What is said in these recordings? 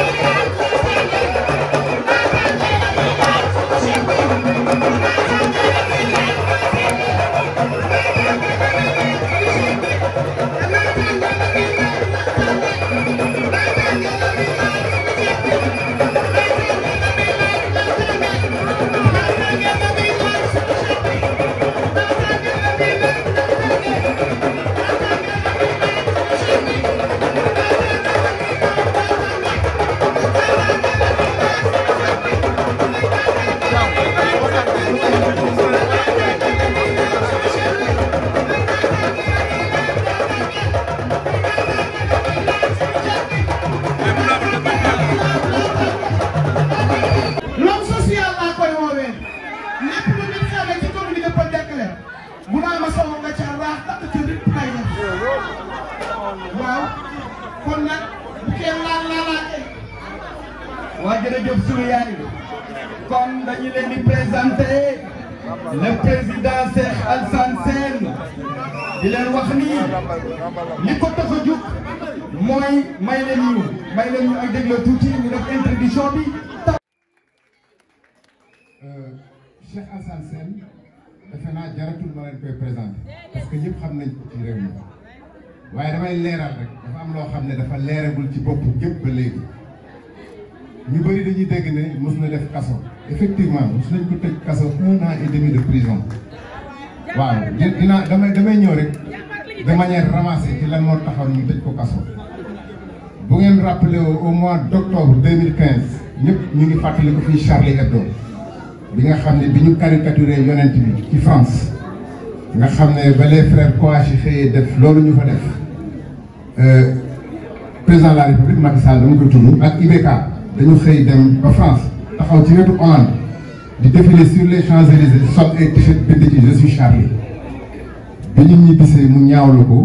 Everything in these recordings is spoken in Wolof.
Thank you. li ko tax a mooy may leen ñu may leen ñu ak dégloo tuuti ñu def introduction bi. Euh, Cheikh Alassane Sène defe naa jaratul ma leen koy présenté parce que yëpp xam nañ ci réew mi waaye damay leeral rek dafa am loo xam ne dafa leeragul ci bopp gépp ba léegi ñu bëri dañuy dégg ne mos na def kaso effectivement mos nañ ko tëj kaso un an et de prison waaw dinaa damay damay ñëw rek. de manière ramassée ci lan moo taxoon ñu tëj ko kaso bu ngeen rappelé au mois d' octobre deux quinze ñëpp ñu ngi fàttali ko fii Charlie Hebdo bi nga xam ne bi ñu caricaturé yonent bi ci France nga xam ne ba les frères Kouachi xëyee def loolu ñu fa def euh, président de la république Macky Sall dama koy tudd ak IBK dañu xëy dem ba France taxaw ci wetu Hollande di défiler sur les Champs-Élysées sol ay t-shirt bind ci je Charlie bi ñu ñibbisee mu ñaawlu ko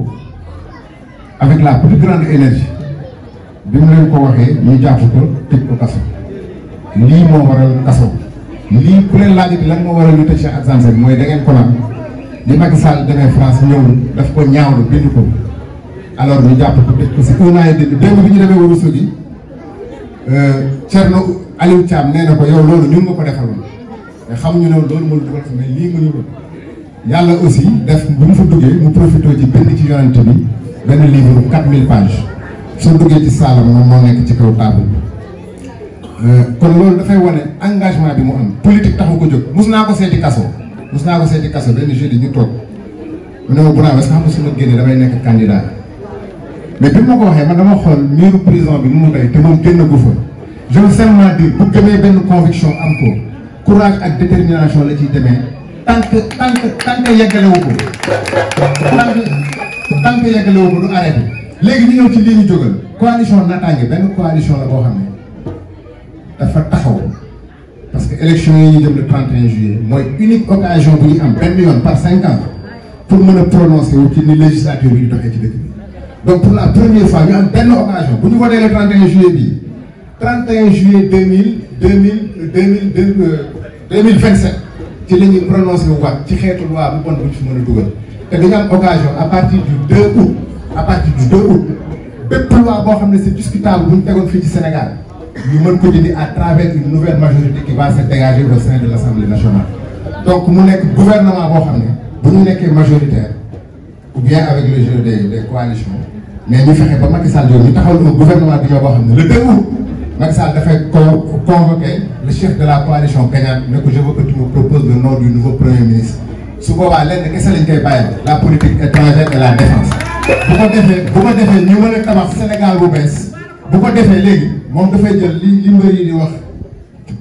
avec la plus grande énergie bi mu leen ko waxee ñu jàpp ko tëj ko kaso lii moo waral kaso lii ku leen laajati lan moo waral ñu tëj da ngeen ko lan li Macky Sall demee France ñëw daf ko ñaawlu bind ko alors ñu jàpp ko tëj ko si un an et demi démb bi ñu demee Ouro Sogui euh, Thierno Aliou Thiam nee ko yow loolu ñun nga ko defaloon mais xamuñu ne loolu moo dugal mais lii nga ñu yàlla aussi def bu mu fa duggee mu profité ci bind ci yonent bi benn livre bu 4000 pages soo duggee ci saalam moom moo nekk ci kaw table euh, kon loolu dafay wane engagement bi mu am politique taxu ko jóg mus naa ko seeti kaso mus naa ko seeti kaso benn jeudi ñu toog mu ne ma bu naan est-ce que xam génnee damay nekk candidat mais bi ma ko waxee ma dama xool miiru prison bi mu day te moom génn gu fa je veux seulement dire benn conviction am ko courage ak détermination la ciy tant que tant que tant que yeggale ko tant que ko du arrêté léegi ñu ñëw ci lii ñu jógal coalition naataange benn coalition la boo xam ne dafa taxaw parce que élection yi ñu jëm le 31 juillet mooy unique occasion bu ñu am benn yoon par cinq pour mën a prononcer wu ci ni législature bi ñu doxee ci dëkk bi la première fois ñu am benn occasion bu ñu voté le 31 juillet bii 31 juillet 2000 2000 2000 2027 ci la prononcé wu waat ci xeetu loi bu bon bu ñu fi mën a dugal te dañu am occasion à partir du 2 août à partir du 2 boo xam ne c'est discutable bu ñu tegoon fii ci Sénégal ñu mën ko dindi à travers une nouvelle majorité qui va se dégager au sein de l'Assemblée nationale. donc mu nekk gouvernement boo xam ne bu ñu nekkee majoritaire ou bien avec le jeu des des coalitions mais ñu fexe ba Macky Sall yooyu ñu taxawal un gouvernement bi ñoo boo xam ne le 2 août. Macky Sall dafay convoqué le chef de la coalition gagnante ne ko je veux que tu me du nouveau premier ministre su boobaa lenn kese lañ koy bàyyi la politique étrangère et la défense bu ko defee bu ko defee a bu bees bu ko defee léegi moom dafay jël li li mbër yi di wax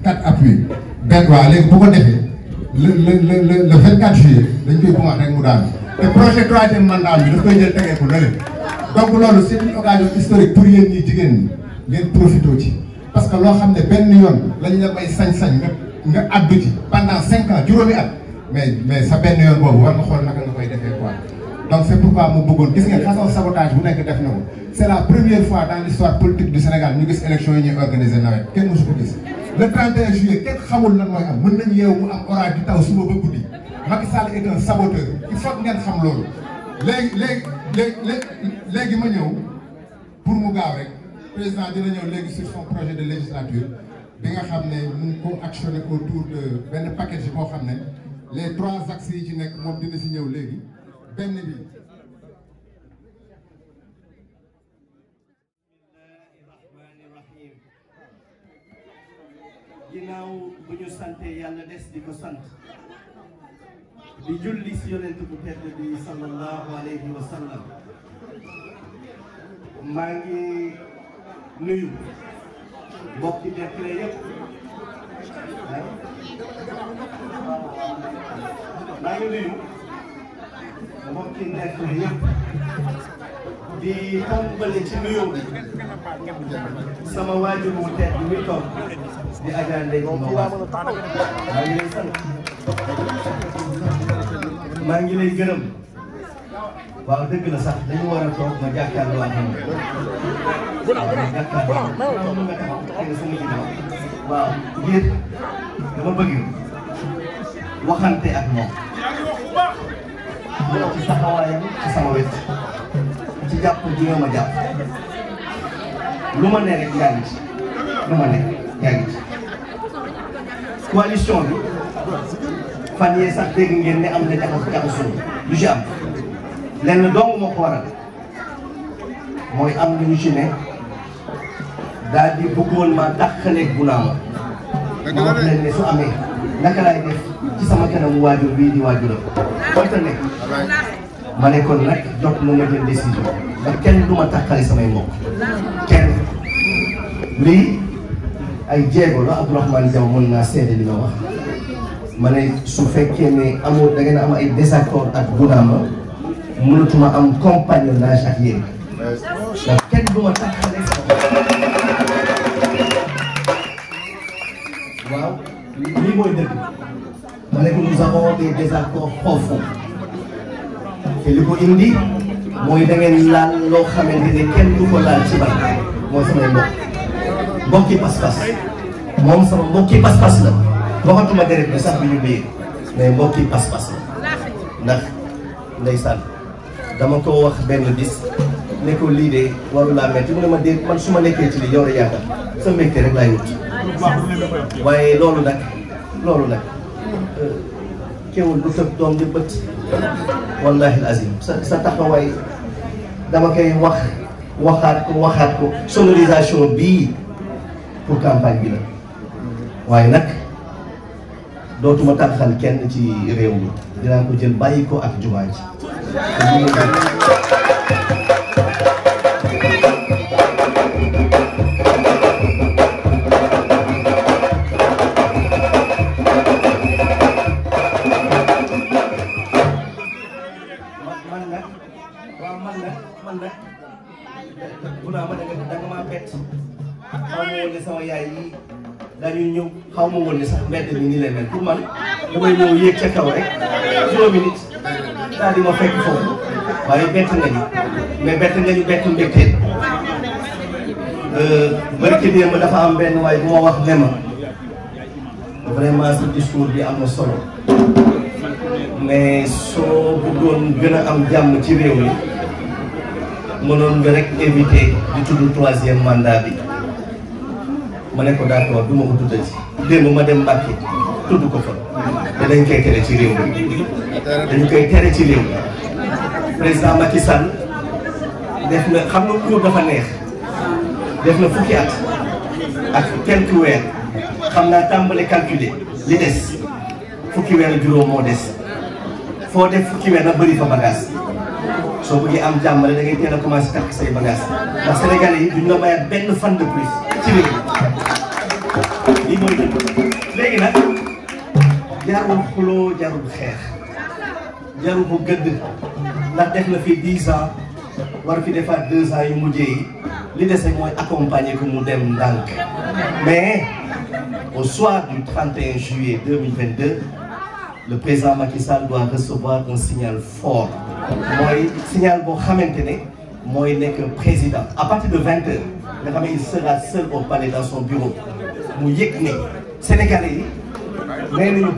quatre appuis benn léegi bu ko defee le le le le vingt quatre juillet dañ koy bëgg wax rek mu daanu te projet troisième mandat bi daf koy jël tegee ko lële donc loolu c'est une occasion historique pour yéen ñi ngeen profité ci parce que loo xam ne benn yoon lañ la may sañ-sañ nga nga addu ci pendant cinq ans juróomi at mais mais sa benn yoon boobu war nga xool naka nga koy defee quoi donc c'est pourquoi mu bëggoon gis nga façon sabotage bu nekk def na c'est la première fois dans l'histoire politique du Sénégal ñu gis élection yi ñuy organiser nawet kenn mosu ko gis le 31 juillet kenn xamul lan mooy am mën nañ yeewu mu am orage di taw pour mu gaaw président dina ñëw léegi sur son projet de législature bi nga xam ne mu ngi ko actionné de benn package boo xam ne les trois axes yi ci nekk moom dina si ñëw léegi benn bi ginnaaw bu ñu sante yàlla des di ko sant di julli si yonent bu tedd bi sallallahu alayhi wa maa ngi nuyu mbokk yi nekk lay yëpp maa ngi nuyu mbokk yi nekk lay yëpp di tàmbali ci nuyoo sama waajur wu tedd mi toog di Adja Ndeye Mbow maa ngi lay sant maa ngi lay gërëm. waaw dëgg la sax dañu war a toog ma jàkkaarloo ak ñoom. jàkkaarloo ak ñoom nga taxaw xëy sama ginnaaw. waaw ngir dama bëgg waxante ak moom. moom ci taxawaayam ci sama wet. ci jàpp bi nga ma jàpp. lu ma ne rek yaa ngi ci. lu ma ne yaa ngi ci. coalition bi fan yee sax dégg ngeen ne am na jaxas jaxasoo du ci am. lenn dong moo ko mooy am nañu ci ne daal di bëggoon ma dàqaleeg bu naa ma ma wax ne su amee naka laay def ci sama kanamu waajur bii di waajuram konta ne ma kon nag jot na ma jël décision ndax kenn du ma tàqale samay mbokk kenn lii ay jéego la Abdourahmane Diaw mën naa seede li ma wax ma su fekkee ne amoo da ngeen am ay désaccord ak Bounama mënatuma am compagnonnage ak yéen ndax kenn du ma tax waaw lii mooy li ko indi mooy da ngeen laal loo xamante ne kenn du ko laal ci barke mooy samay mbokk pas-pas moom sama mbokki pas-pas la waxatuma deret bi sax bi ñu béyee mais mbokki pas-pas la ndax ndeysaan dama ko wax benn bis ne ko lii de waru laa metti mu ne ma déet man su ma nekkee ci lii yow rek sa mbégte rek waaye loolu nag loolu nag euh, kéwul du tëb doom di bët wallahi azim sa sa taxawaay dama koy wax waxaat ko waxaat ko sonorisation bi pour campagne bi la waaye nag dootuma tànqal kenn ci réew mi dinaa ko jël bàyyi ko ak jumaa ji xaw ma woon ne sax mbedd mi nii lay mel pour man damay ñëw yéeg ca kaw rek juróomi nit daal di ma fekk foofu waaye bett nga mais bett nga ñu bettu mbégte euh, barke bi ma dafa am benn waaye bu ma wax ne ma vraiment ce discours bi am na solo mais soo bëggoon gën a am jàmm ci réew mi mënoon nga rek éviter di tudd troisième mandat bi ma ne ko d'accord du ma ko tuddati démb ma dem Mbàkke tudd ko fa te dañ koy tere ci réew mi dañ koy tere ci réew mi président Macky Sall def na xam nga nguur dafa neex def na fukki at ak quelques weer xam naa tàmbali calculer li des fukki weer juróom moo des foo def fukki weer na bëri fa bagage soo bëggee am jàmm dangay da ngay teel a commencé takk say bagage ndax sénégalais yi duñ la mayaat benn fan de plus ci réew léegi nag jarul xuloo jarul xeex jarul bu gëdd ndax def na fi dix ans war fi defaat deux ans yu mujjee yi li dese mooy accompagner ko mu dem ndànk mais au soir du juillet 2022 le président Macky Sall doit recevoir un signal fort mooy signal boo xamante ne mooy nekk président à partir de vingt heures nga xam ne il sera seul au palais dans son bureau mu yëg ne yi nee nañu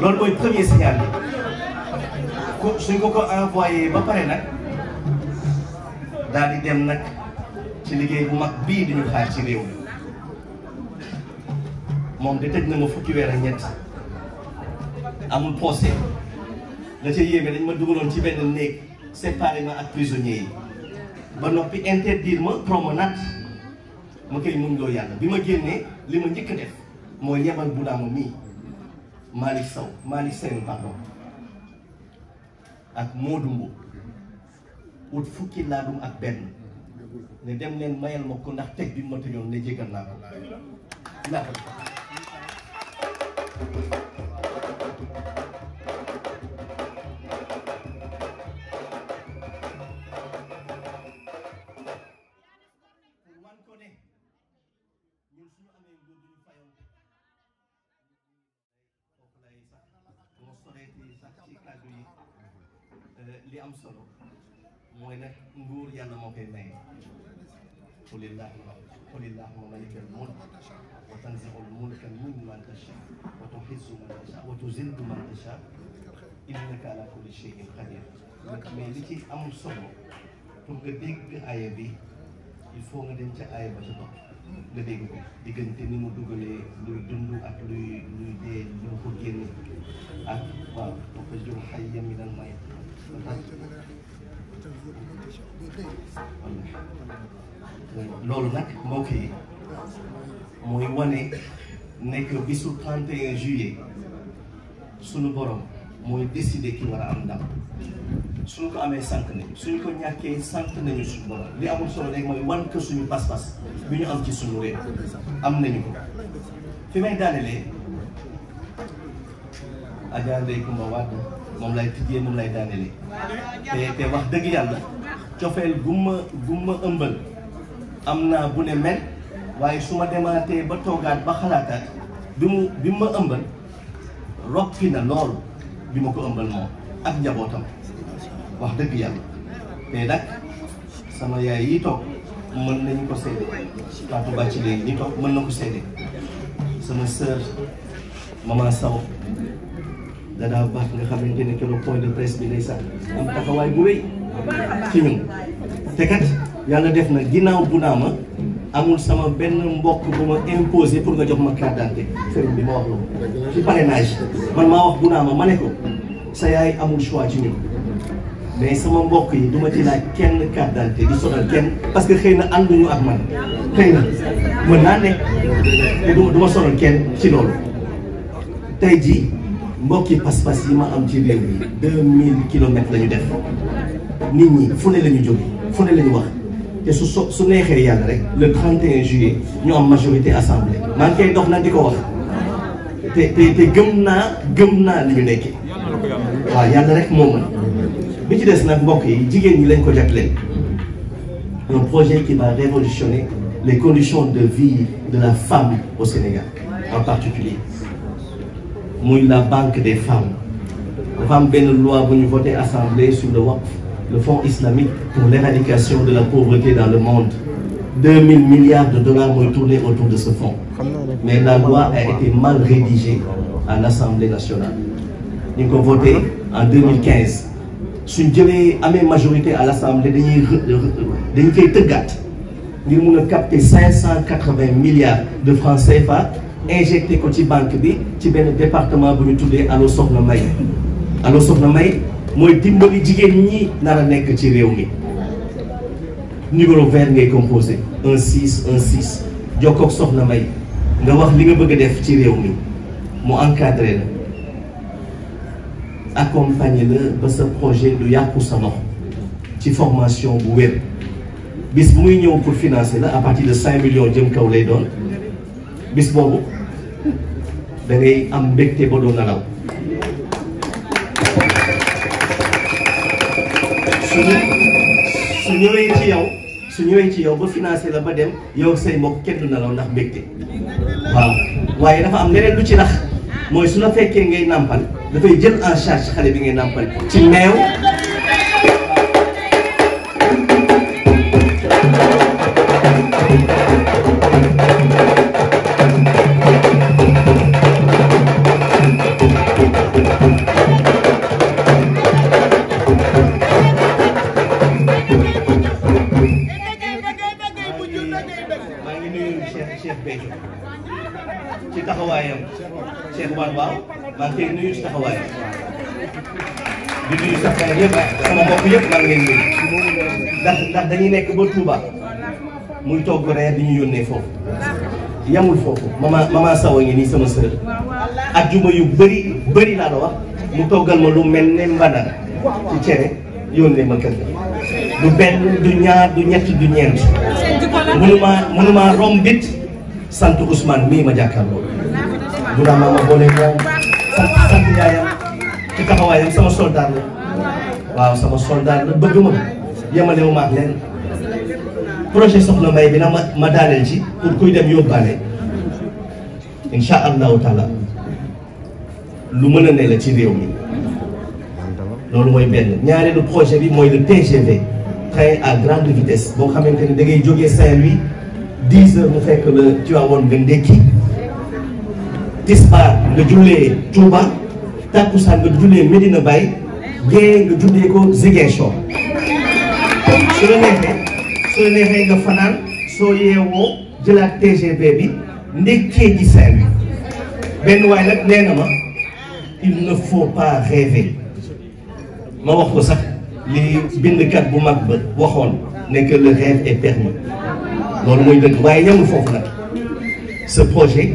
loolu mooy premier signal bi ko suñ ko ko envoyé ba pare nag daldi dem nag ci liggéey bu mag bii di ñu ci réew mi moom de tëj na ma fukki weer ak ñett amul procès la ca yéeme dañ ma dugaloon ci benn néeg séparé ma ak prisonniers yi ba noppi interdire ma promenade ma koy muñ yàlla bi ma génnee li ma njëkk def mooy yebal Bounama mii Malick Sow Malick Sène pardon ak Modou Mbow ut fukki laadum ak benn ne dem leen mayal ma ko ndax teg bi ma tëjoon ne jégal naa ko. لله الملك قل اللهم ملك الملك وتنزع الملك ممن تشاء وتعز من تشاء وتذل من تشاء innaka ala kulli shay'in qadir mais li ci am solo pour nga dégg aaya bi il faut nga dem ca aaya ba ca topp nga dégg ko diggante ni mu dugalee luy dund ak luy luy dee lu ko génne ak ah, waaw ba ko jur hayya minal mayyit loolu nag mbokk yi mooy wane nekk bisu 31 juillet sunu boroom mooy décider ki war a am ndam suñu ko amee sant nañu suñu ko ñàkkee sant nañu suñu borom li amul solo rek mooy wan ko suñu pas-pas bi ñu am ci suñu réew am nañu ko fi may daanelee Adja Ndeye Coumba Wade moom lay tijjee moom lay daanelee te te wax dëgg yàlla cofeel gu ma ëmbal am naa bu ne mel waaye su ma demaatee ba toogaat ba xalaataat bi mu bi ma ëmbal rokki na loolu bi ma ko ëmbal moom ak njabootam wax dëgg yàlla te nag sama yaay yi toog mën nañu ko seede Fatou Bàcci léegi ñi toog mën na ko seede sama sœur maman Sow danaa baax nga xamante ne keroog point de presse bi lay sax am taxawaay bu wéy ci ñun te kat yàlla def na ginnaaw bu ma amul sama benn mbokk bu ma imposé pour nga jox ma carte d'identité bi ma wax loolu ci parrainage man maa wax bu ma ma ne ko sa yaay amul choix ci ñun mais sama mbokk yi duma ci kenn carte d'identité di sonal kenn parce que xëy na ànduñu ak man xëy na mën naa ne te duma sonal kenn ci loolu tey jii mbokki pas-pas yi ma am ci réew mi deux mille kilomètres la def nit ñi fu ne la ñu jóge fu ne la wax te su so su neexee yàlla rek le 31 juillet ñu am majorité assemblée maa ngi koy dox nag di ko wax te te te gëm naa gëm naa li ñu nekkee waaw yàlla rek moo mën bi ci des nag mbokk yi jigéen ñi lañ ko jagleel un projet qui va révolutionner les conditions de vie de la femme au Sénégal en particulier muy la banque des femmes dafa am benn loi bu ñu voté assemblée sur le waqf le fonds islamique pour l'éradication de la pauvreté dans le monde deux mille milliards de dollars mooy tourné autour de ce fonds mais la loi a été mal rédigée à l'assemblée nationale ñu ngi ko voté en 2015 suñ jëlee amee majorité à l'assemblée dañuy dañu koy tëggaat cinq cent quatre-vingts milliards de francs CFA injecté ko ci banque bi ci benn département bu ñu tuddee allo Soxna May allo Soxna May mooy dimbali jigéen ñi nar a nekk ci réew mi numéro vert ngay composé un 6 1 6 jokkoog Soxna May nga wax li nga bëgg a def ci réew mi mu encadré la accompagner la ba sa projet lu yàqu sa ci formation bu wér bis bu muy ñëw pour financer la à partir de 5 millions jëm kaw lay doon. bis boobu dangay am mbégte ba doon nalaw su ñëwee ci yow su ñëwee ci yow ba financé la ba dem yow say mbokk kenn du nalaw ndax mbégte waaw waaye dafa am leneen lu ci nax mooy su la fekkee ngay nàmpal dafay jël en charge xale bi ngay nàmpal ci meew ndax dañuy nekk ba Touba muy togg reer di ñu yónnee foofu yamul foofu mama mama sawa ngi nii sama sœur ak juma yu bëri bëri laa la wax mu toggal ma lu mel ne mbanar ci cere yónnee ma kër du benn du ñaar du ñett du ñeent mënumaa mënumaa rombit sant Ousmane mii ma jàkkaarloo bu daa ma boole sant sant yaayam ci taxawaayam sama soldat la waaw sama soldat la bëgg ma yemale wu ma ak leen projet Soxna Mbaye bi na ma ma ci pour kuy dem yóbbaale incha allahu taala lu mën a ne la ci réew mi loolu mooy benn ñaareelu projet bi mooy le TGV train à grande vitesse boo xamante ni dangay ngay jógee Saint-Louis dix mu fekk la Tivaouane nga ndékki tisbaar nga jullee Touba takkusaan nga jullee Medina Baye gée nga jullee ko Ziguinchor su la neexee su neexee nga fanaan soo yeewoo jëlaat TGV bi ndekkee ji Saint-Louis benn waay nag nee na ma il ne faut pas rêver ma wax ko sax li bindkat bu mag ba waxoon ne que le rêve est permis loolu mooy dëgg waaye yemul foofu nag ce projet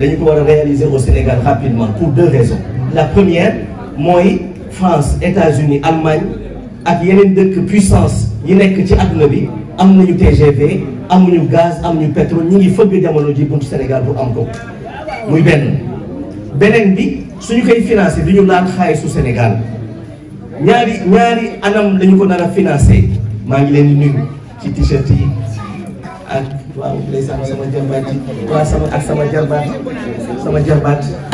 dañu ko war a réaliser au Sénégal rapidement pour deux raisons la première mooy France États-Unis Allemagne ak yeneen dëkk puissance yi nekk ci adduna bi am nañu am amuñu gaz am ñu pétrole ñu ngi fëgg jamono ji buntu Sénégal bu am ko muy benn beneen bi suñu koy financé du ñu laal xaalisu Sénégal ñaari ñaari anam lañu ko nar a financé maa ngi leen di nuyu ci t-shirt yi ak waaw ndeysaan sama jarbaat yi waaw sama ak sama jarbaat sama jarbaat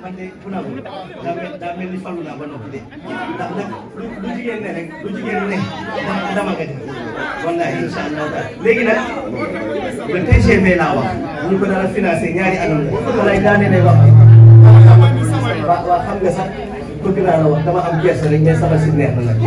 man de Pounda Boye daa mel daa mel ni falu naa ba noppi de ndax nag lu lu jigéen ne rek ne dama dama gën wallaahi incha allah léegi nag le TGV laa wax ñu ko dara financé ñaari anam la walaay daa ne lay wax waaw waaw xam nga sax bëgg naa la wax dama am gerte rek mais sama si neex na nag.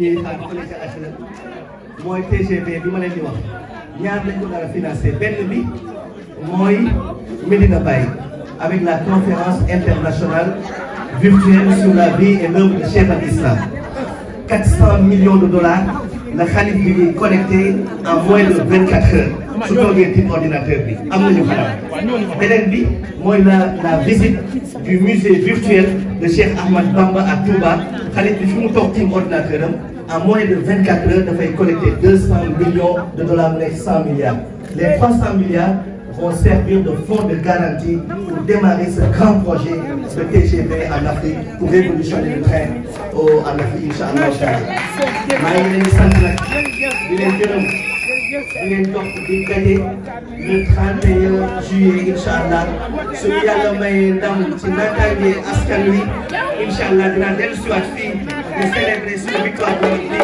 ñuy xaar fële ca HLM mooy TGV bi ma leen di wax ñaar lañ benn bi mooy Medina la conférence internationale virtuelle sur la vie et l'œuvre de Cheikh Al Islam 400 millions de dollars la xalif bi connecté en moins de 24 heures su toogee ci ordinateur bi am nañu xalaat beneen la visite du musée virtuel de Cheikh Ahmad Bamba à Touba xale bi fi mu toog tiim ordinateur am en moins de vingt quatre heures dafay collecter deux cent millions de dollars nekk cent milliards les trois cent milliards vont servir de fonds de garantie pour démarrer ce grand projet de TGV en Afrique pour révolutionner le train au oh, en Afrique incha allah. maa ngi leen di sant nag di leen gërëm. di leen topp di daje eh, le 31 juillet incha allah su yàlla mayee ndam ci naataange askan wi incha allah dinaa dellusiwaat fii di célébrer suñu victoire